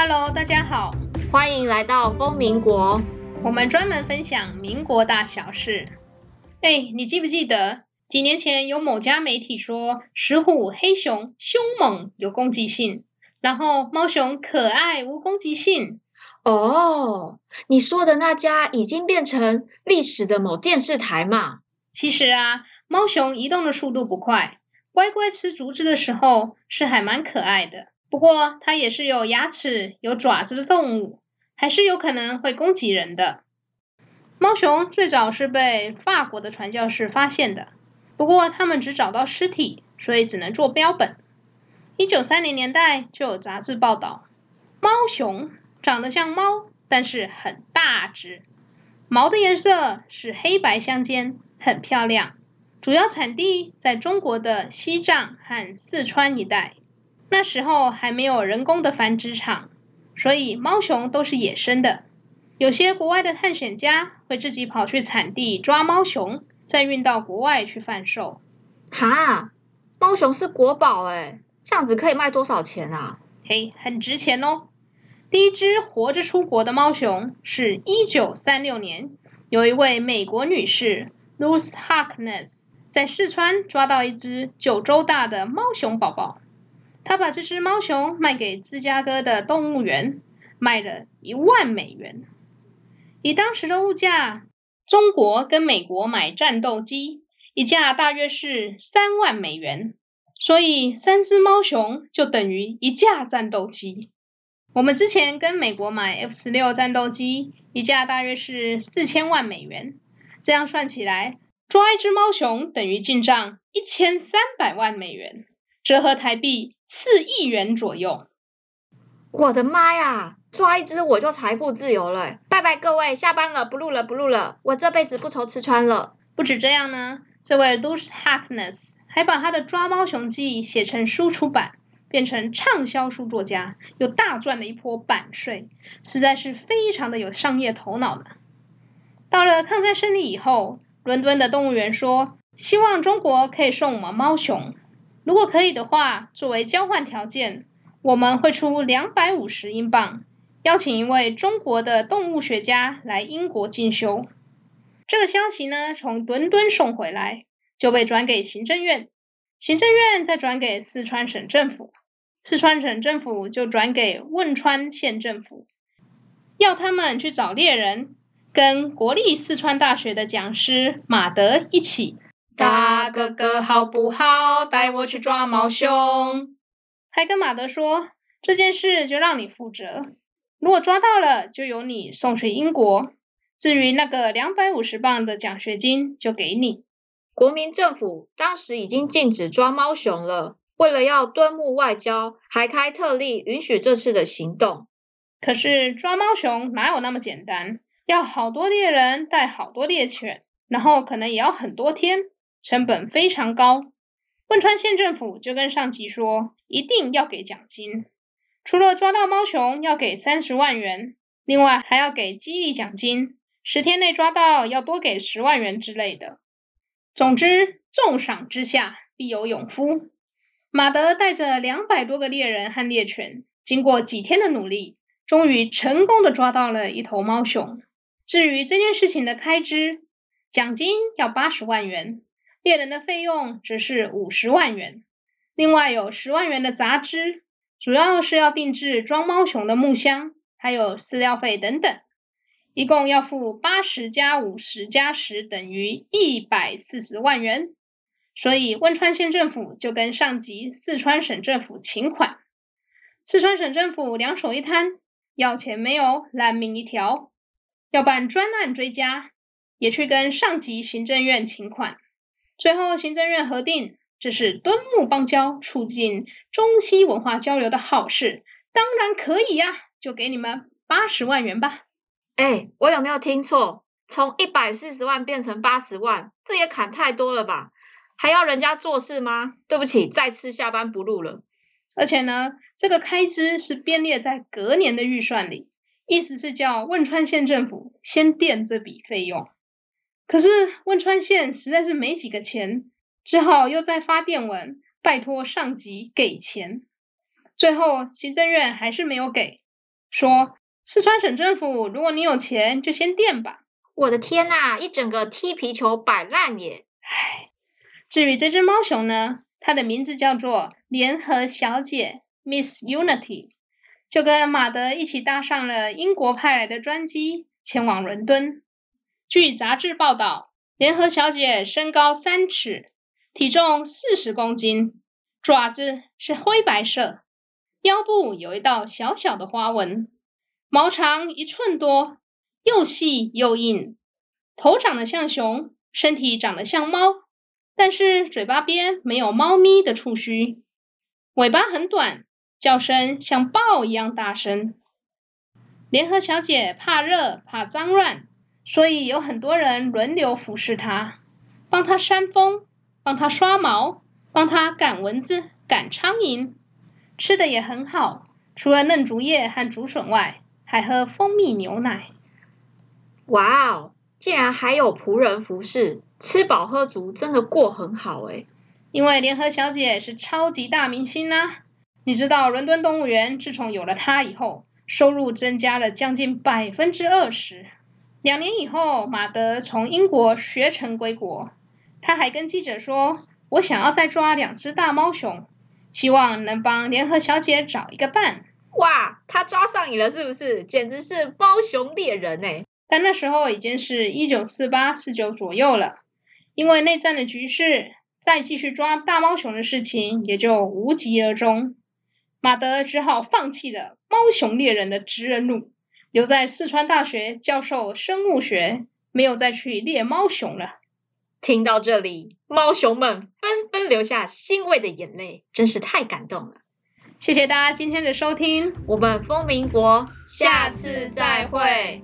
Hello，大家好，歡迎來到瘋民國。我們專門分享民國大小事。哎，你記不記得幾年前有某家媒體說石虎、黑熊凶猛有攻擊性，然後貓熊可愛無攻擊性？哦，oh, 你說的那家已經變成歷史的某電視臺嘛？其實啊，貓熊移動的速度不快，乖乖吃竹子的時候是還蠻可愛的。不過，它也是有牙齒、有爪子的動物，還是有可能會攻擊人的。貓熊最早是被法國的傳教士發現的，不過他們只找到屍體，所以只能做標本。一九三零年代就有雜誌報道，貓熊長得像貓，但是很大隻。毛的顏色是黑白相間，很漂亮。主要產地在中國的西藏和四川一帶。那時候還沒有人工的繁殖場，所以貓熊都是野生的。有些國外的探險家會自己跑去產地抓貓熊，再運到國外去販售。哈，貓熊是國寶哎、欸，這樣子可以賣多少錢啊？嘿，hey, 很值錢哦。第一隻活着出國的貓熊是一九三六年，有一位美國女士 Ruth Harkness 在四川抓到一隻九周大的貓熊寶寶。他把這隻貓熊賣給芝加哥的動物園，賣了一萬美元。以當時的物價，中國跟美國買戰鬥機一架大約是三萬美元，所以三隻貓熊就等於一架戰鬥機。我們之前跟美國買 F 十六戰鬥機一架大約是四千萬美元，這樣算起來，抓一只貓熊等於進賬一千三百萬美元。折合台幣四億元左右。我的媽呀！抓一只我就財富自由了！拜拜各位，下班了，不錄了，不錄了，我這輩子不愁吃穿了。不止這樣呢，這位 Ruth Harkness 還把他的抓貓熊記寫成書出版，變成暢銷書作家，又大賺了一波版稅，實在是非常的有商業頭腦呢。到了抗戰勝利以後，倫敦的動物園說希望中國可以送我們貓熊。如果可以的話，作為交換條件，我們會出兩百五十英鎊，邀請一位中國的動物學家來英國進修。這個消息呢，從倫敦送回來，就被轉給行政院，行政院再轉給四川省政府，四川省政府就轉給汶川縣政府，要他們去找獵人，跟國立四川大學的講師馬德一起。大哥哥，好不好？帶我去抓貓熊。還跟馬德說，這件事就讓你負責。如果抓到了，就由你送去英國。至於那個兩百五十磅的獎學金，就給你。國民政府當時已經禁止抓貓熊了，為了要敦睦外交，還開特例允許這次的行動。可是抓貓熊哪有那麼簡單？要好多獵人，帶好多獵犬，然後可能也要很多天。成本非常高，汶川縣政府就跟上級說，一定要給獎金。除了抓到貓熊要給三十萬元，另外還要給激勵獎金，十天內抓到要多給十萬元之類的。總之，重賞之下必有勇夫。馬德帶着兩百多個獵人和獵犬，經過幾天的努力，終於成功的抓到了一頭貓熊。至於這件事情的開支，獎金要八十萬元。獵人的費用只是五十萬元，另外有十萬元的雜支，主要是要定制裝貓熊的木箱，還有飼料費等等，一共要付八十加五十加十等於一百四十萬元。所以汶川縣政府就跟上級四川省政府請款，四川省政府兩手一攤，要錢沒有，爛命一條。要辦專案追加，也去跟上級行政院請款。最後，行政院核定，這是敦睦邦交、促進中西文化交流的好事，當然可以呀、啊，就給你們八十萬元吧。哎、欸，我有沒有聽錯？從一百四十萬變成八十萬，這也砍太多了吧？還要人家做事嗎？對不起，再次下班不錄了。而且呢，這個開支是編列在隔年的預算裡，意思是叫汶川縣政府先墊這筆費用。可是汶川縣實在是沒幾個錢，只好又再發電文拜托上級給錢。最後行政院還是沒有給，說四川省政府，如果你有錢就先墊吧。我的天吶，一整個踢皮球擺爛也。唉，至於這隻貓熊呢，它的名字叫做聯合小姐 Miss Unity，就跟馬德一起搭上了英國派來的專機前往倫敦。據雜誌報道，聯合小姐身高三尺，體重四十公斤，爪子是灰白色，腰部有一道小小的花紋，毛長一寸多，又細又硬，頭長得像熊，身體長得像貓，但是嘴巴邊沒有貓咪的觸鬚，尾巴很短，叫聲像豹一樣大聲。聯合小姐怕熱，怕髒亂。所以有很多人輪流服侍他，幫他扇風，幫他刷毛，幫他趕蚊子、趕蒼蠅，吃的也很好，除了嫩竹葉和竹筍外，還喝蜂蜜牛奶。哇哦，竟然還有僕人服侍，吃飽喝足，真的過很好哎、欸！因為聯合小姐是超級大明星啦、啊，你知道，倫敦動物園自從有了她以後，收入增加了將近百分之二十。兩年以後，馬德從英國學成歸國，他還跟記者說：“我想要再抓兩隻大貓熊，希望能幫聯合小姐找一個伴。”哇，他抓上癮了是不是？簡直是貓熊獵人哎！但那時候已經是一九四八四九左右了，因為內戰的局勢，再繼續抓大貓熊的事情也就無疾而終。馬德只好放棄了貓熊獵人的職業路。留在四川大學教授生物學，沒有再去獵貓熊了。聽到這裡，貓熊們紛紛流下欣慰的眼淚，真是太感動了。謝謝大家今天的收聽，我們瘋民國，下次再會。